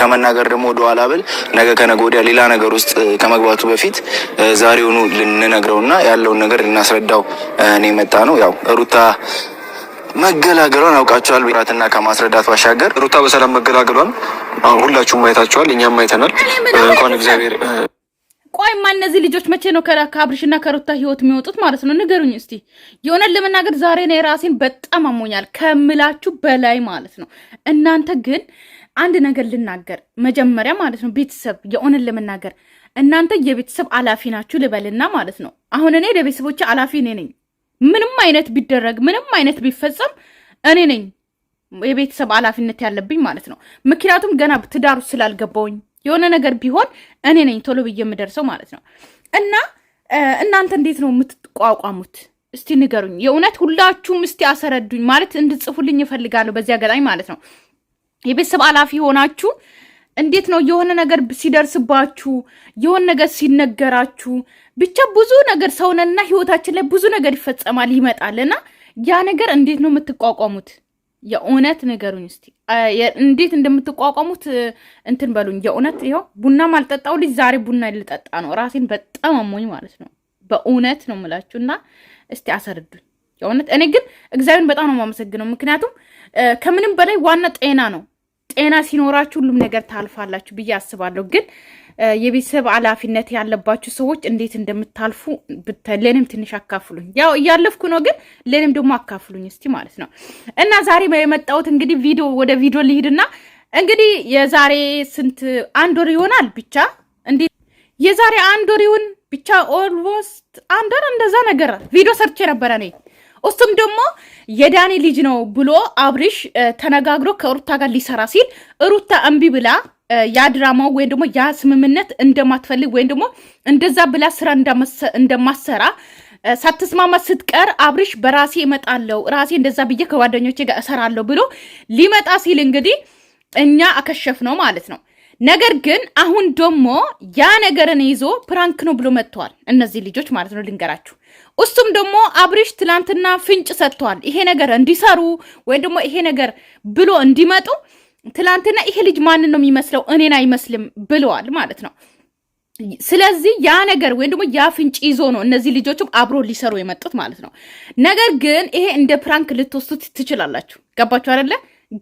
ከመናገር ደግሞ ወደኋላ ብል ነገ ከነገ ወዲያ ሌላ ነገር ውስጥ ከመግባቱ በፊት ዛሬውኑ ልንነግረውና ያለውን ነገር ልናስረዳው እኔ መጣ ነው ያው ሩታ መገላገሏን አውቃቸዋል ራትና ከማስረዳት ባሻገር ሩታ በሰላም መገላገሏን ሁላችሁም ማየታችኋል፣ እኛም አይተናል። እንኳን እግዚአብሔር ቆይማ እነዚህ ልጆች መቼ ነው ከአብርሽና ከሩታ ህይወት የሚወጡት ማለት ነው? ንገሩኝ እስቲ። የሆነን ለመናገር ዛሬ ነው የራሴን በጣም አሞኛል ከምላችሁ በላይ ማለት ነው። እናንተ ግን አንድ ነገር ልናገር መጀመሪያ ማለት ነው ቤተሰብ የሆነን ለመናገር እናንተ የቤተሰብ አላፊ ናችሁ ልበልና ማለት ነው። አሁን እኔ ለቤተሰቦች አላፊ እኔ ነኝ። ምንም አይነት ቢደረግ ምንም አይነት ቢፈጸም እኔ ነኝ የቤተሰብ አላፊነት ያለብኝ ማለት ነው። ምክንያቱም ገና ትዳሩ ስላልገባውኝ የሆነ ነገር ቢሆን እኔ ነኝ ቶሎ ብዬ የምደርሰው ማለት ነው። እና እናንተ እንዴት ነው የምትቋቋሙት? እስቲ ንገሩኝ። የእውነት ሁላችሁም እስቲ አሰረዱኝ ማለት እንድጽፉልኝ ይፈልጋለሁ በዚህ አጋጣሚ ማለት ነው። የቤተሰብ ኃላፊ ሆናችሁ እንዴት ነው የሆነ ነገር ሲደርስባችሁ የሆነ ነገር ሲነገራችሁ ብቻ ብዙ ነገር ሰውነንና ህይወታችን ላይ ብዙ ነገር ይፈጸማል እና ያ ነገር እንዴት ነው የምትቋቋሙት? የእውነት ንገሩኝ እስቲ እንዴት እንደምትቋቋሙት እንትን በሉኝ። የእውነት ይኸው ቡና ማልጠጣው ልጅ ዛሬ ቡና ልጠጣ ነው። ራሴን በጣም አሞኝ ማለት ነው። በእውነት ነው የምላችሁ እና እስቲ አሰርዱኝ። የእውነት እኔ ግን እግዚአብሔር በጣም ነው የማመሰግነው። ምክንያቱም ከምንም በላይ ዋና ጤና ነው። ጤና ሲኖራችሁ ሁሉም ነገር ታልፋላችሁ ብዬ አስባለሁ። ግን የቤተሰብ ኃላፊነት ያለባችሁ ሰዎች እንዴት እንደምታልፉ ለእኔም ትንሽ አካፍሉኝ። ያው እያለፍኩ ነው፣ ግን ለእኔም ደግሞ አካፍሉኝ እስቲ ማለት ነው። እና ዛሬ የመጣሁት እንግዲህ ቪዲዮ ወደ ቪዲዮ ልሂድና እንግዲህ የዛሬ ስንት አንድ ወር ይሆናል ብቻ እንዲ የዛሬ አንድ ወር ይሁን ብቻ ኦልሞስት አንድ ወር እንደዛ ነገር ቪዲዮ ሰርቼ ነበረ እኔ እሱም ደግሞ የዳኒ ልጅ ነው ብሎ አብርሽ ተነጋግሮ ከሩታ ጋር ሊሰራ ሲል ሩታ እምቢ ብላ ያ ድራማው ወይም ደግሞ ያ ስምምነት እንደማትፈልግ ወይም ደግሞ እንደዛ ብላ ስራ እንደማሰራ ሳትስማማ ስትቀር አብርሽ በራሴ እመጣለሁ ራሴ እንደዛ ብዬ ከጓደኞቼ ጋር እሰራለሁ ብሎ ሊመጣ ሲል እንግዲህ እኛ አከሸፍ ነው ማለት ነው። ነገር ግን አሁን ደግሞ ያ ነገርን ይዞ ፕራንክ ነው ብሎ መጥተዋል እነዚህ ልጆች ማለት ነው ልንገራችሁ እሱም ደግሞ አብሪሽ ትላንትና ፍንጭ ሰጥቷል። ይሄ ነገር እንዲሰሩ ወይም ደግሞ ይሄ ነገር ብሎ እንዲመጡ ትላንትና ይሄ ልጅ ማንን ነው የሚመስለው? እኔን አይመስልም ብለዋል ማለት ነው። ስለዚህ ያ ነገር ወይም ደግሞ ያ ፍንጭ ይዞ ነው እነዚህ ልጆችም አብሮ ሊሰሩ የመጡት ማለት ነው። ነገር ግን ይሄ እንደ ፕራንክ ልትወስዱት ትችላላችሁ። ገባችሁ አይደለ?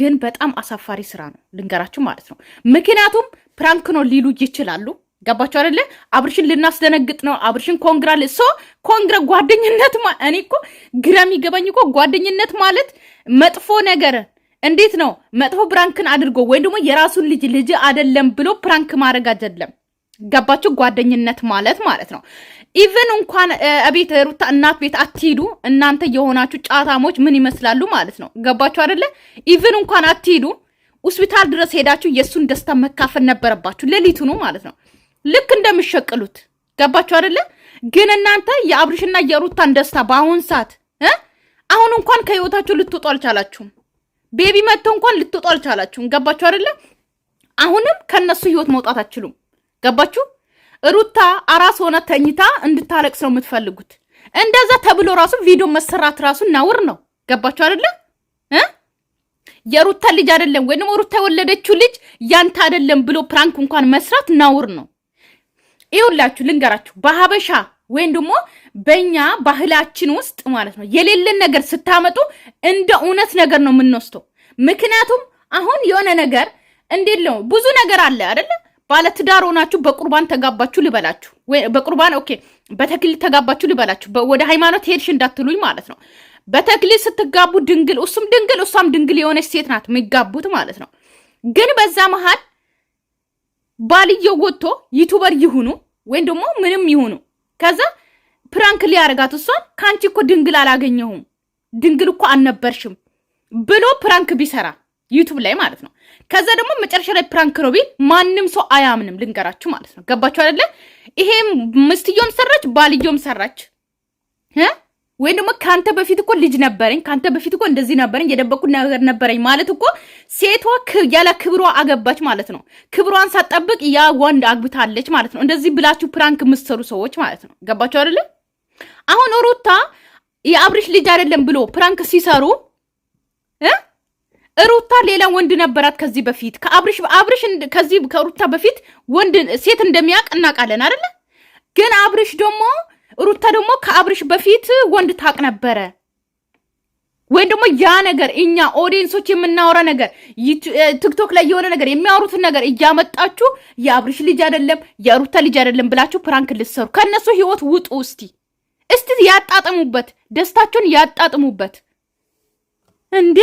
ግን በጣም አሳፋሪ ስራ ነው ልንገራችሁ ማለት ነው። ምክንያቱም ፕራንክ ነው ሊሉ ይችላሉ ገባችሁ አይደለ? አብርሽን ልናስደነግጥ ነው። አብርሽን ኮንግራ ሶ ኮንግረ ጓደኝነት እኔ እኮ ግራ የሚገባኝ እኮ ጓደኝነት ማለት መጥፎ ነገር እንዴት ነው መጥፎ ፕራንክን አድርጎ ወይም ደግሞ የራሱን ልጅ ልጅ አይደለም ብሎ ፕራንክ ማድረግ አይደለም። ገባችሁ? ጓደኝነት ማለት ማለት ነው። ኢቨን እንኳን ቤት ሩታ እናት ቤት አትሂዱ እናንተ የሆናችሁ ጫታሞች ምን ይመስላሉ ማለት ነው። ገባችሁ አይደለ? ኢቨን እንኳን አትሂዱ ሆስፒታል ድረስ ሄዳችሁ የእሱን ደስታ መካፈል ነበረባችሁ። ሌሊቱ ነው ማለት ነው። ልክ እንደምሸቅሉት ገባችሁ አደለ? ግን እናንተ የአብርሽና የሩታን ደስታ በአሁን ሰዓት አሁን እንኳን ከህይወታችሁ ልትወጡ አልቻላችሁም። ቤቢ መጥቶ እንኳን ልትወጡ አልቻላችሁም። ገባችሁ አደለ? አሁንም ከነሱ ህይወት መውጣት አችሉም። ገባችሁ? ሩታ አራስ ሆነ ተኝታ እንድታለቅስ ነው የምትፈልጉት። እንደዛ ተብሎ ራሱ ቪዲዮ መሰራት ራሱ ነውር ነው። ገባችሁ አደለ? የሩታ ልጅ አይደለም ወይም ሩታ የወለደችው ልጅ ያንተ አይደለም ብሎ ፕራንክ እንኳን መስራት ነውር ነው። ይኸውላችሁ ልንገራችሁ፣ በሀበሻ ወይም ደግሞ በእኛ ባህላችን ውስጥ ማለት ነው የሌለን ነገር ስታመጡ እንደ እውነት ነገር ነው የምንወስደው። ምክንያቱም አሁን የሆነ ነገር እንዴት ነው ብዙ ነገር አለ አይደለ? ባለትዳር ሆናችሁ በቁርባን ተጋባችሁ ልበላችሁ፣ በቁርባን ኦኬ፣ በተክሊል ተጋባችሁ ልበላችሁ። ወደ ሃይማኖት ሄድሽ እንዳትሉኝ ማለት ነው። በተክሊል ስትጋቡ ድንግል፣ እሱም ድንግል፣ እሷም ድንግል የሆነች ሴት ናት የሚጋቡት ማለት ነው። ግን በዛ መሀል ባልየው ወጥቶ ዩቱበር ይሁኑ ወይም ደግሞ ምንም ይሁኑ። ከዛ ፕራንክ ሊያረጋት እሷን ከአንቺ እኮ ድንግል አላገኘሁም ድንግል እኮ አልነበርሽም ብሎ ፕራንክ ቢሰራ ዩቱብ ላይ ማለት ነው። ከዛ ደግሞ መጨረሻ ላይ ፕራንክ ነው ቢል ማንም ሰው አያምንም። ልንገራችሁ ማለት ነው። ገባችሁ አይደለ? ይሄም ምስትዮም ሰራች፣ ባልዮም ሰራች ወይም ደግሞ ከአንተ በፊት እኮ ልጅ ነበረኝ፣ ከአንተ በፊት እኮ እንደዚህ ነበረኝ፣ የደበቁ ነገር ነበረኝ ማለት እኮ ሴቷ ያለ ክብሯ አገባች ማለት ነው። ክብሯን ሳትጠብቅ ያ ወንድ አግብታለች ማለት ነው። እንደዚህ ብላችሁ ፕራንክ የምትሰሩ ሰዎች ማለት ነው። ገባችሁ አይደለ? አሁን ሩታ የአብርሽ ልጅ አይደለም ብሎ ፕራንክ ሲሰሩ ሩታ ሌላ ወንድ ነበራት ከዚህ በፊት ከአብርሽ አብርሽ ከዚህ ከሩታ በፊት ወንድ ሴት እንደሚያውቅ እናውቃለን አይደለ? ግን አብርሽ ደግሞ ሩታ ደግሞ ከአብርሽ በፊት ወንድ ታቅ ነበረ ወይም ደግሞ ያ ነገር እኛ ኦዲየንሶች የምናወራ ነገር ቲክቶክ ላይ የሆነ ነገር የሚያወሩትን ነገር እያመጣችሁ የአብርሽ ልጅ አይደለም የሩታ ልጅ አይደለም ብላችሁ ፕራንክ ልትሰሩ ከእነሱ ህይወት ውጡ። እስቲ እስቲ ያጣጥሙበት፣ ደስታቸውን ያጣጥሙበት። እንዴ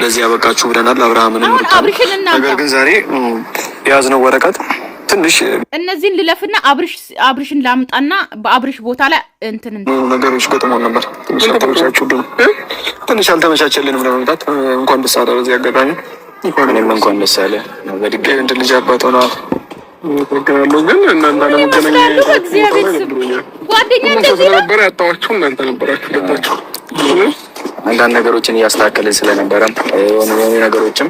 ለዚህ ያበቃችሁ ብለናል አብርሃምን። ነገር ግን ዛሬ የያዝነው ወረቀት ትንሽ እነዚህን ልለፍና አብርሽ አብርሽን ላምጣና በአብርሽ ቦታ ላይ እንትን ነገሮች ገጥሞን ነበር። ትንሽ አልተመቻቸልንም ለመምጣት። እንኳን ደስ አለ በዚህ አጋጣሚ እኔም እንኳን ደስ አለ በድጋሚ እንድን ልጅ አባት ሆነዋል። ግን እናንተ ለመገናኘት ስለነበረ እናንተ ነበራችሁ ገባችሁ። አንዳንድ ነገሮችን እያስተካከልን ስለነበረ የሆኑ ነገሮችም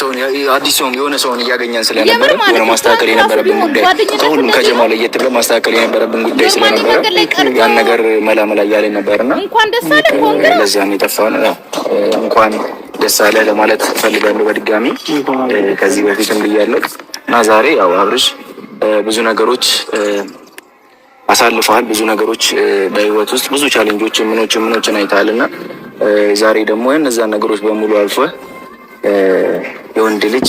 ሰውን አዲስ ሰውን የሆነ ሰውን እያገኘን ስለነበረ የሆነ ማስተካከል የነበረብን ጉዳይ ከሁሉም ከጀማ ለየት ብሎ ማስተካከል የነበረብን ጉዳይ ስለነበረ ያን ነገር መላመላ እያለ ነበርና ለዛ ነው የጠፋነው። እንኳን ደስ አለ ለማለት ፈልጋለሁ በድጋሚ ከዚህ በፊትም ብያለሁ እና ዛሬ ያው አብርሽ ብዙ ነገሮች አሳልፈሃል። ብዙ ነገሮች በህይወት ውስጥ ብዙ ቻሌንጆች ምኖች ምኖችን አይተሃል እና ዛሬ ደግሞ እነዛን ነገሮች በሙሉ አልፈህ የወንድ ልጅ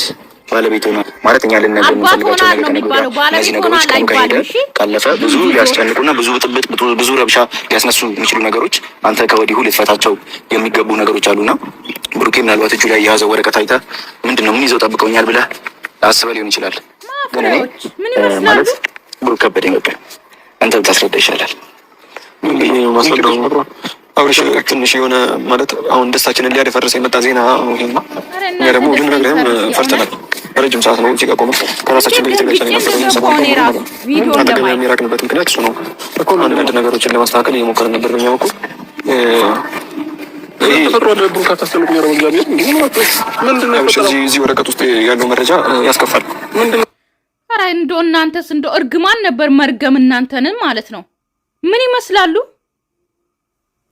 ባለቤት ሆኗል ማለት እኛ ልናገር የምንፈልጋቸው ነገር እነዚህ ነገሮች ከሄደ ካለፈ ብዙ ሊያስጨንቁና ብዙ ብጥብጥ፣ ብዙ ረብሻ ሊያስነሱ የሚችሉ ነገሮች አንተ ከወዲሁ ልትፈታቸው የሚገቡ ነገሮች አሉና ብሩኬ ምናልባት እጁ ላይ የያዘው ወረቀት አይተህ ምንድን ነው ምን ይዘው ጠብቀውኛል ብለ አስበ ሊሆን ይችላል። ግን እኔ ማለት ብሩክ ከበደኝ በቃ አንተ ብታስረዳ ይሻላል። አብረሽ ትንሽ የሆነ ማለት አሁን ደስታችንን ሊያደፈርስ የመጣ ዜና ነው ደግሞ ሁሉም ነገርም ፈርተናል። ረጅም ሰዓት ነው እዚህ ቆመ ከራሳችን ቤት ገጠ አጠገብ የሚራቅንበት ምክንያት እሱ ነው እኮ። አንዳንድ ነገሮችን ለማስተካከል እየሞከርን ነበር በኛ በኩል እዚህ ወረቀት ውስጥ ያለው መረጃ ያስከፋል። እንደ እናንተስ እንደ እርግማን ነበር መርገም እናንተንን ማለት ነው። ምን ይመስላሉ?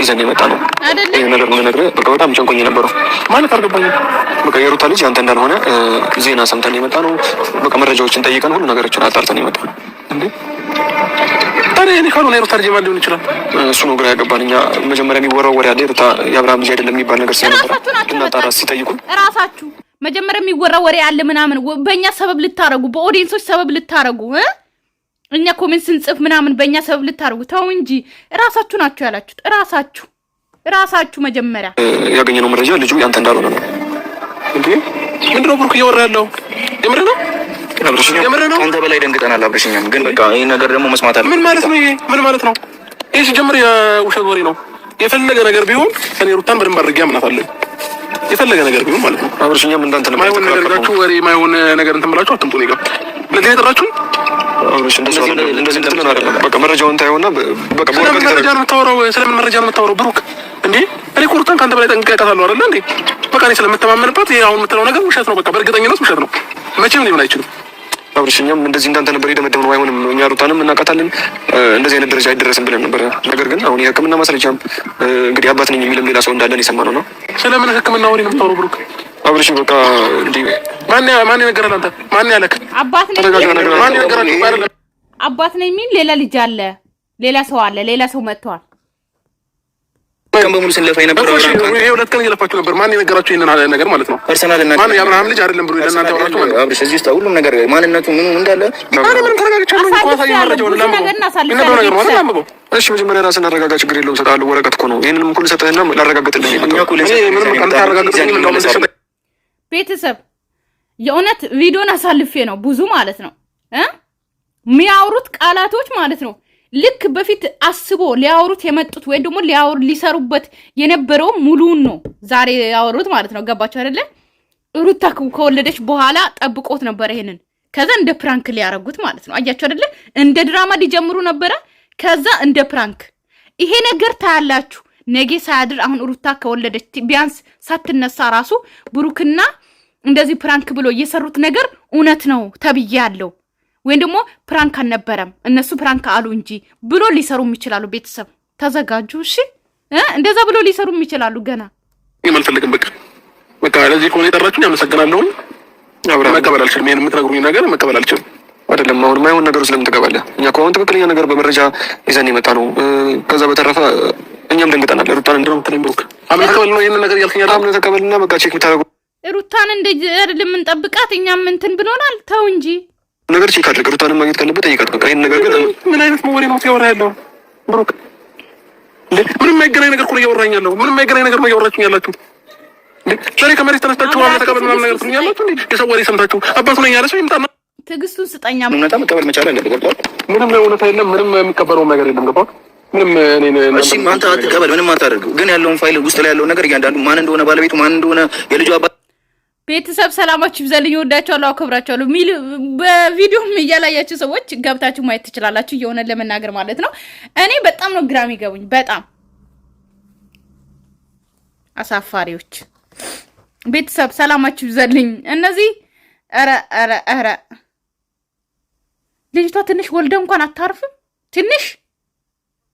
ይዘን የመጣ ነው። ይህ ነገር ምነግርህ በቃ በጣም ጨንቆኝ የነበረው ማለት አልገባኝም። በቃ የሩታ ልጅ አንተ እንዳልሆነ ዜና ሰምተን የመጣ ነው። በቃ መረጃዎችን ጠይቀን ሁሉ ነገሮችን አጣርተን የመጣ ነው። ታዲያ እኔ ካልሆነ የሩታ ልጅ ማን ሊሆን ይችላል? እሱ ነው ግራ ያገባን። እኛ መጀመሪያ የሚወራው ወሬ አለ የሩታ የአብርሃም ልጅ አይደለም የሚባል ነገር ስለነበረ ልናጣራ ሲጠይቁን እራሳችሁ መጀመሪያ የሚወራ ወሬ አለ ምናምን በእኛ ሰበብ ልታረጉ፣ በኦዲየንሶች ሰበብ ልታረጉ እኛ ኮሜንት ስንጽፍ ምናምን በእኛ ሰበብ ልታርጉ ተው እንጂ እራሳችሁ ናችሁ ያላችሁት። እራሳችሁ እራሳችሁ መጀመሪያ ያገኘነው መረጃ ልጁ ያንተ እንዳልሆነ ነው። እንዴ ምንድነው ብሩክ እያወራ ያለው? የምር ነው የምር ነው። አንተ በላይ ደንግጠናል። አብርሽኛም ግን በቃ ይህ ነገር ደግሞ መስማት አለ። ምን ማለት ነው ይሄ? ምን ማለት ነው ይህ? ሲጀምር የውሸት ወሬ ነው። የፈለገ ነገር ቢሆን እኔ ሩታን በደንብ አድርጌ አምናታለሁ። የፈለገ ነገር ቢሆን ማለት ነው። አብርሽኛም እንዳንተ ነው። ማይሆን ነገር ጋችሁ ወሬ ማይሆን ነገር እንትን ብላችሁ አትምጡ እኔ ጋር ለዚህ የጠራችሁኝ እንደዚህ በቃ መረጃውን ታየውና ስለምን መረጃ ነው የምታወራው? ስለምን መረጃ ነው የምታወራው? ብሩክ እንዴ እኔ ከአንተ በላይ ጠንቅቄ አውቃታለሁ አይደለ እንዴ? በቃ እኔ ስለምተማመንበት ይሄ አሁን የምትለው ነገር ውሸት ነው። በቃ በእርግጠኝነት ውሸት ነው። መቼም ሊሆን አይችልም። አብርሽ እኛም እንደዚህ እንዳንተ ነበር የደመደብነው። አይሆንም፣ እኛ ሩታንም እናውቃታለን፣ እንደዚህ አይነት ደረጃ አይደረስም ብለን ነበር። ነገር ግን አሁን የሕክምና ማስረጃም እንግዲህ አባት ነኝ የሚልም ሌላ ሰው እንዳለን የሰማነው ነው። ስለምን ሕክምና ወሬ ነው የምታወራው ብሩክ? አብርሽ በቃ እንዴ ማን ማን ነገረህ? አንተ ማን ያለህ? አባት ነኝ ማን ነገረህ? አባት ነኝ የሚል ሌላ ልጅ አለ፣ ሌላ ሰው አለ፣ ሌላ ሰው መጥቷል። ቀን በሙሉ ስንለፋ የነበረው ይሄ ሁለት ቀን እየለፋችሁ ነበር። ማን የነገራችሁ ይሄንን ነገር ማለት ነው? ፐርሰናል እና ማን የአብርሃም ልጅ አይደለም ብሎ ለእናንተ አወራችሁ ማለት ነው። አብርሽ እዚህ ውስጥ ሁሉም ነገር ማንነቱ ምኑ እንዳለ ማን ምንም ተረጋግቻለሁ። ኳሳ ይመረጃው ለምን ይነበረው ነገር ማለት ነው። እሺ መጀመሪያ ራስን አረጋጋ፣ ችግር የለውም እሰጥሃለሁ። ወረቀት እኮ ነው። ይሄንንም ሁሉ ሰጠህና ላረጋግጥልህ ነው። ምንም ቀን ታረጋግጥልህ ነው ቤተሰብ የእውነት ቪዲዮን አሳልፌ ነው ብዙ ማለት ነው የሚያወሩት ቃላቶች ማለት ነው ልክ በፊት አስቦ ሊያወሩት የመጡት ወይም ደግሞ ሊሰሩበት የነበረው ሙሉን ነው ዛሬ ያወሩት ማለት ነው። ገባቸው አይደለ? ሩታ ከወለደች በኋላ ጠብቆት ነበረ ይሄንን። ከዛ እንደ ፕራንክ ሊያረጉት ማለት ነው። አያቸው አይደለ? እንደ ድራማ ሊጀምሩ ነበረ። ከዛ እንደ ፕራንክ ይሄ ነገር ታያላችሁ። ነጌ ሳያድር አሁን ሩታ ከወለደች ቢያንስ ሳትነሳ ራሱ ብሩክና እንደዚህ ፕራንክ ብሎ እየሰሩት ነገር እውነት ነው ተብዬ ያለው ወይም ደግሞ ፕራንክ አልነበረም እነሱ ፕራንክ አሉ እንጂ ብሎ ሊሰሩም ይችላሉ። ቤተሰብ ተዘጋጁ። እሺ፣ እንደዛ ብሎ ሊሰሩም ይችላሉ። ገና አልፈልግም። በቃ በቃ ለዚህ ከሆነ የጠራችሁኝ አመሰግናለሁ። መቀበል አልችልም። ይህን የምትነግሩኝ ነገር መቀበል አልችልም። አይደለም አሁን ማይሆን ነገር ስለምን ትገባለህ? እኛ ከሆነ ትክክለኛ ነገር በመረጃ ይዘን የመጣ ነው። ከዛ በተረፈ እኛም ደንግጠናል። ሩታን ነው ምትለኝ ብሩክ አምልከበል ነው ይህንን ነገር እያልከኛ ራ ምነ ተቀበልና በቃ ቼክ የምታደርገው ሩታን እንደ ልምንጠብቃት እኛም እንትን ብሎናል። ተው እንጂ ነገር ቼክ አድርግ። ሩታንን ማግኘት ካለበት ጠይቃት። በቃ ይህን ነገር ግን ምን አይነት መወሬ ነው ያወራ ያለው ብሩክ? ምንም የማይገናኝ ነገር እኮ ነው እያወራኝ ያለው። ምንም የማይገናኝ ነገር ነው እያወራችሁኝ ያላችሁ። ዛሬ ከመሬት ተነስታችሁ ዋ ተቀበል ምናምን ነገር ትሉኛላችሁ። የሰው ወሬ ሰምታችሁ አባቱ ነኝ ያለ ሰው ይምጣና ትዕግስቱን ስጠኛ። መቀበል መቻል ገባል? ምንም እውነታ የለም። ምንም የሚቀበለውም ነገር የለም። ገባል? እሺ አንተ አትቀበል፣ ምንም አታደርግ። ግን ያለውን ፋይል ውስጥ ላይ ያለውን ነገር እያንዳንዱ ማን እንደሆነ ባለቤቱ ማን እንደሆነ የልጁ አባ ቤተሰብ ሰላማችሁ ይብዛልኝ። እወዳችኋለሁ፣ አከብራችኋለሁ። ሚል በቪዲዮም እያላያችሁ ሰዎች ገብታችሁ ማየት ትችላላችሁ። እየሆነ ለመናገር ማለት ነው። እኔ በጣም ነው ግራም ይገቡኝ። በጣም አሳፋሪዎች። ቤተሰብ ሰላማችሁ ይብዛልኝ። እነዚህ ኧረ ኧረ ኧረ ልጅቷ ትንሽ ወልደ እንኳን አታርፍም ትንሽ